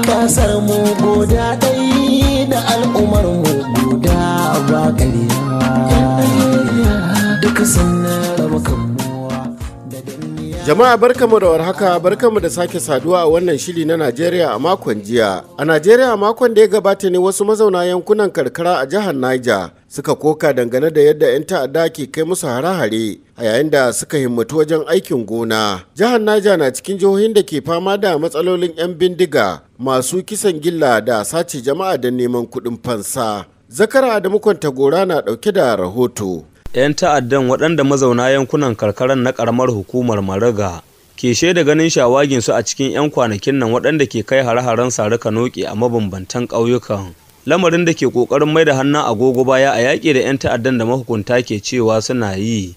kasar mu goda dai da al'ummar mu goda ba ƙarya duka sannan da jama'a barkamu da warhaka barkamu da sake saduwa a wannan shiri na najeriya a makon jiya a najeriya a makon da ya gabata ne wasu mazauna yankunan karkara a jihar niger suka koka dangane da yadda 'yan ta'adda ke kai musu hare-hare a yayin da suka himmatu wajen aikin gona. Jihar Naja na cikin jihohin da ke fama da matsalolin 'yan bindiga masu kisan gilla da sace jama'a da neman kuɗin fansa. Zakara da Adamu gora na ɗauke da rahoto. 'Yan ta'addan waɗanda mazauna yankunan karkaran na karamar hukumar Maraga ke shaida ganin shawagin su a cikin 'yan kwanakin nan waɗanda ke kai hare-haren ka noki a mabambantan ƙauyukan lamarin da ke ƙoƙarin mai da hannun agogo baya a yaƙi da 'yan ta'addan da mahukunta ke cewa suna yi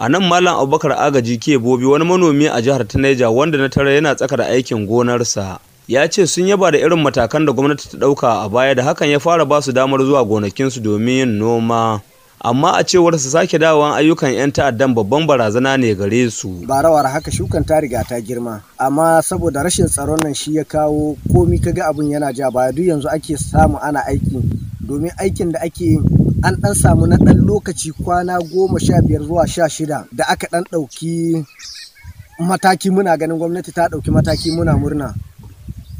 A nan Malam Abubakar Agaji ke bobi wani manomi a jihar ta Neja wanda na tara yana tsakar aikin gonarsa. Ya ce sun yaba da irin matakan da gwamnati ta ɗauka a baya da hakan ya fara ba su damar zuwa gonakinsu domin yin noma. amma a cewar su sake dawowan ayyukan 'yan ta'addan babban barazana ne gare su. ba rawar haka shukan ta riga ta girma, amma saboda rashin tsaron nan shi ya kawo komi kaga abin yana ja baya duk yanzu ake samu ana aiki domin aikin da ake yin an ɗan samu na ɗan lokaci kwana goma sha biyar zuwa sha shida da aka ɗan ɗauki mataki muna ganin gwamnati ta ɗauki mataki muna murna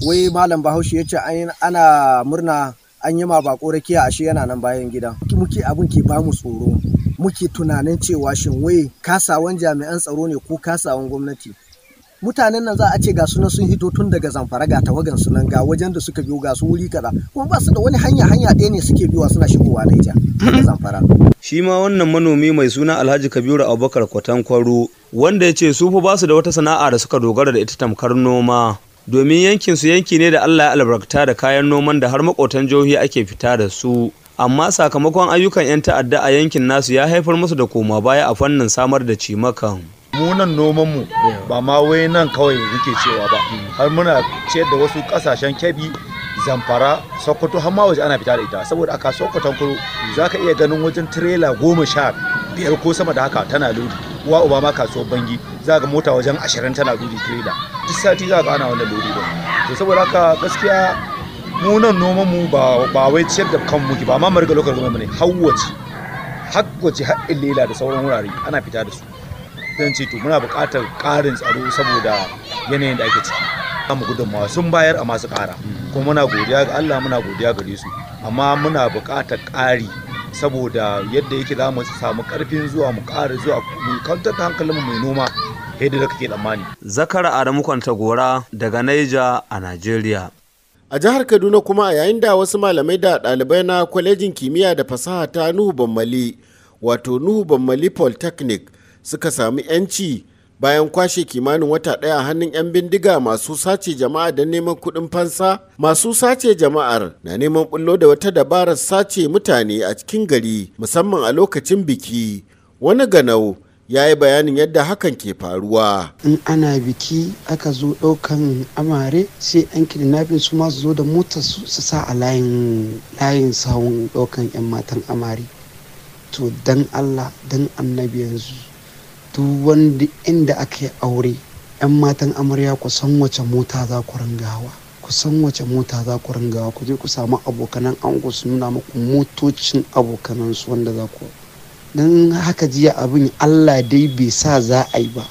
wai malam bahaushe ya ce ana murna an yi ma bako rakiya ashe yana nan bayan gida muke abin ke ba mu tsoro muke tunanin cewa shin wai kasawan jami'an tsaro ne ko kasawan gwamnati mutanen nan za a ce ga sunan sun hito tun daga zamfara ga tawagan sunan ga wajen da suka biyo ga su wuri kaza kuma ba su da wani hanya hanya ɗaya ne suke biwa suna shigowa Naija daga zamfara shi ma wannan manomi mai suna Alhaji Kabiru Abubakar Kwatan Kwaro wanda ya ce su fa ba su da wata sana'a da suka dogara da ita tamkar noma domin yankin su yanki ne da Allah ya albarkata da kayan noman da har makotan jihohi ake fita da su amma sakamakon ayyukan 'yan ta'adda a yankin nasu ya haifar musu da koma baya a fannin samar da cimakan mu nan noman mu ba ma wai nan kawai muke cewa ba har muna ce da wasu kasashen kebi zamfara sokoto har ma waje ana fita da ita saboda aka sokoton kuro za iya ganin wajen tirela goma sha biyar ko sama da haka tana lodi wa uba ma kasuwar bangi za ga mota wajen ashirin tana lodi tirela duk sati za ka ana wannan lodi ba to saboda haka gaskiya mu nan noman mu ba wai ciyar da kan muke ba ma mu riga lokacin mu ne hawwaci waje har illela da sauran wurare ana fita da su zan muna buƙatar ƙarin tsaro saboda yanayin da ake ciki mu gudunmawa sun bayar a masu ƙara kuma muna godiya ga Allah muna godiya gare su amma muna buƙatar ƙari saboda yadda yake za mu samu ƙarfin zuwa mu ƙara zuwa mu kwantar da hankalinmu mai noma yadda da kake tsammani zakara adamu gora daga Niger a nigeria. a jihar kaduna kuma a yayin da wasu malamai da ɗalibai na kwalejin kimiyya da fasaha ta nuhu bammali wato nuhu bammali polytechnic suka sami 'yanci bayan kwashe kimanin wata ɗaya hannun 'yan bindiga masu sace jama'a don neman kuɗin fansa masu sace jama'ar na neman bullo da wata dabarar sace mutane a cikin gari musamman a lokacin biki wani ganau ya yi bayanin yadda hakan ke faruwa. In ana biki aka zo ɗaukan amare sai yan kidnapping su masu zo da motar su su sa a layin layin sawun ɗaukan yan matan amare. To dan Allah dan annabi yanzu duk wanda inda aka yi aure 'yan matan amarya ku san wace mota za ku rangawa. ku san wace mota za ku ringa ku je ku samu abokanan ango su nuna muku motocin abokanan su wanda za ku don haka jiya abin allah dai bai sa za a yi ba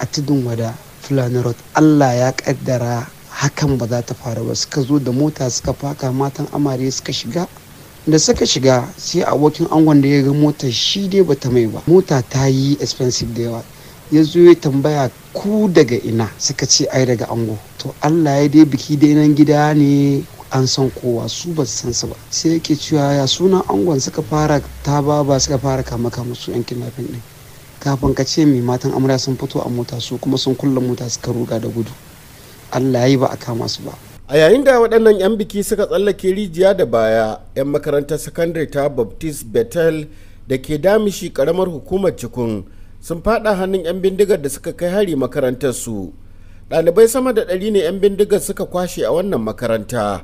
a tudun wada fulani road allah ya kaddara hakan ba za ta faru ba suka zo da mota suka faka matan amarya suka shiga da suka shiga sai abokin angon da ya ga mota shi dai bata mai ba mota ta yi expensive da yawa ya zo ya tambaya ku daga ina suka ce ai daga ango to allah ya dai biki da nan gida ne an san kowa su ba su san su ba sai yake cewa ya sunan angon suka fara ta ba suka fara kama kama su yan kidnapping din kafin ka ce mai matan amarya sun fito a mota su kuma sun kulle mota suka ruga da gudu allah ya yi ba a kama su ba a yayin da waɗannan 'yan biki suka tsallake rijiya da baya 'yan makarantar sakandare ta baptist bethel da ke damishi karamar hukumar cikun sun fada hannun 'yan bindigar da suka kai hari makarantar su ɗalibai sama da ɗari ne 'yan bindigar suka kwashe a wannan makaranta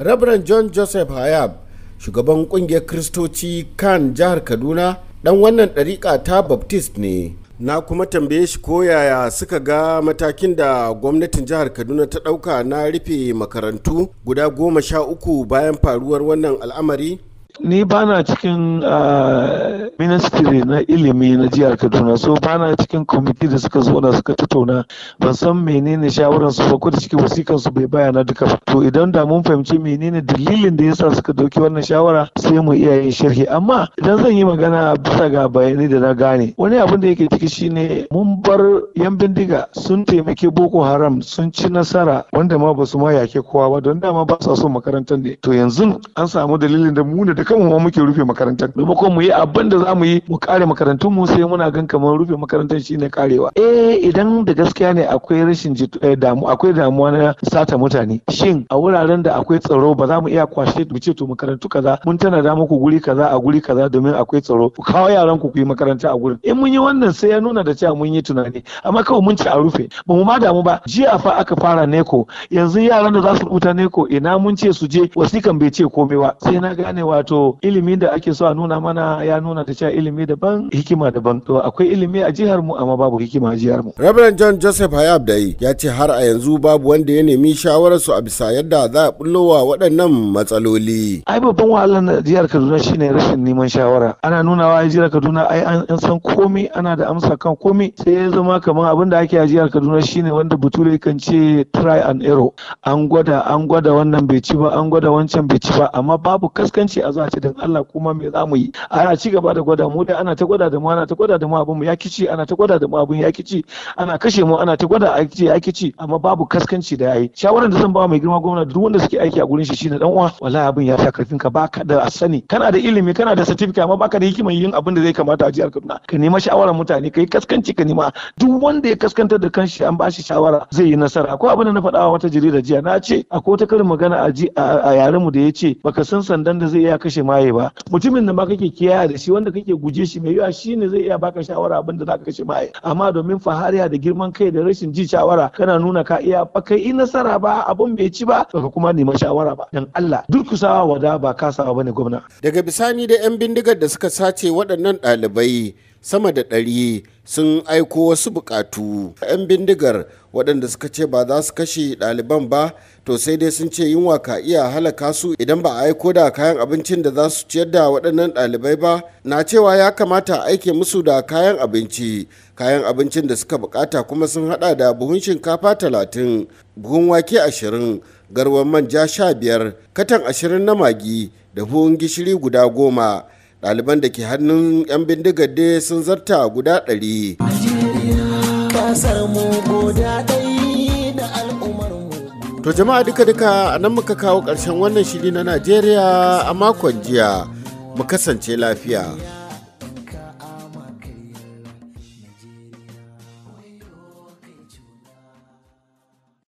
rabran john joseph hayab shugaban kungiyar kristoci kan jihar kaduna ɗan wannan ɗariƙa ta baptist ne na kuma tambaye shi ko yaya suka ga matakin da gwamnatin jihar kaduna ta ɗauka na rufe makarantu guda goma sha uku bayan faruwar wannan al'amari Ni ba na cikin ah, ministry na ilimi na jihar Kaduna, so ba na cikin kwamiti da suka zo na suka tattauna ban san menene shawaran su ba ko da cikin wasikan su bai bayana duka ba. To idan da mun fahimci menene dalilin da yasa suka dauki wannan shawara sai mu iya yin sharhi amma idan zan yi magana bisa ga bayani da na gane wani abin da yake ciki shine mun bar yan bindiga sun taimaki Boko Haram sun ci nasara wanda ma ba su ma yake kowa ba don dama ba sa so makarantar ne. To yanzu an samu dalilin da mu ne da kanmu ma muke rufe makarantar ko mu yi abin da zamu yi mu kare makarantun mu sai muna gan kamar rufe makarantar shine karewa eh idan da gaskiya ne akwai rashin eh, damu akwai damuwa na sata mutane shin a wuraren da akwai tsaro ba za mu iya kwashe mu ce to makarantu kaza mun tana da muku guri kaza a guri kaza domin akwai tsaro ku kawo yaran ku ku yi makaranta a gurin in mun yi wannan sai ya nuna da cewa mun yi tunani amma kawai mun ci a rufe ba mu ma damu ba jiya fa aka fara neko yanzu yaran da za su rubuta neko ina mun ce su je wasikan bai ce komai ba sai na gane wato so ilimi da ake so a nuna mana ya nuna ta cewa ilimi daban hikima daban to akwai ilimi a jihar mu amma babu hikima a jihar mu Reverend John Joseph Hayab Dai ya ce har a yanzu babu wanda ya nemi shawarar su a bisa yadda za a bullowa waɗannan matsaloli ai babban wahalar jihar Kaduna shine rashin neman shawara ana nunawa jihar Kaduna ai an san komai ana da amsa kan komai sai ya zama kamar abin da ake a jihar Kaduna shine wanda bature kan ce try and error an gwada an gwada wannan bai ci ba an gwada wancan bai ci ba amma babu kaskanci a za. a ce dan Allah kuma me za mu yi ana ci gaba da gwada mu dai ana ta gwada da mu ana ta gwada da mu abin mu ya kici ana ta gwada da mu abin ya kici ana kashe mu ana ta gwada aiki kici ya kici amma babu kaskanci da yayi shawaran da zan ba mai girma gwamnati duk wanda suke aiki a gurin shi shine dan uwa wallahi abin ya sa karfin ka baka da sani kana da ilimi kana da certificate amma baka da hikimar yin abin da zai kamata a jihar Kaduna ka nema shawaran mutane kai kaskanci ka nema duk wanda ya kaskantar da kanshi an bashi shawara zai yi nasara akwai abin da na faɗa wata jarida jiya na ce akwai wata karin magana a yaren mu da ya ce baka san sandan da zai iya kashe shi maye ba mutumin da ma kake kiyaya da shi wanda kake guje shi mai yiwa shi ne zai iya baka shawara abin da ka kashe maye amma domin fahariya da girman kai da rashin ji shawara kana nuna ka iya ba kai nasara ba abun bai ci ba ka kuma nema shawara ba dan Allah durkusawa wada ba kasawa ne gwamna daga bisani da yan bindigar da suka sace waɗannan ɗalibai sama da ɗari sun aiko wasu bukatu. 'Yan bindigar waɗanda suka ce ba za su kashe ɗaliban ba to sai dai sun ce yunwa ka iya halaka su idan ba a aiko da kayan abincin da za su ciyar da waɗannan ɗalibai ba na cewa ya kamata aike musu da kayan abinci kayan abincin da suka bukata kuma sun haɗa da buhun shinkafa talatin buhun wake ashirin garwan manja sha biyar katan ashirin na magi da buhun gishiri guda goma ɗaliban da ke hannun 'yan bindigar dai sun zarta guda ɗari. To jama'a duka-duka a nan muka kawo ƙarshen wannan shiri na Najeriya a makon jiya mu kasance lafiya.